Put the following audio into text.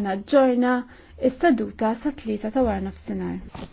għana ġorna is-seduta sa tlieta ta' warna f'sinar.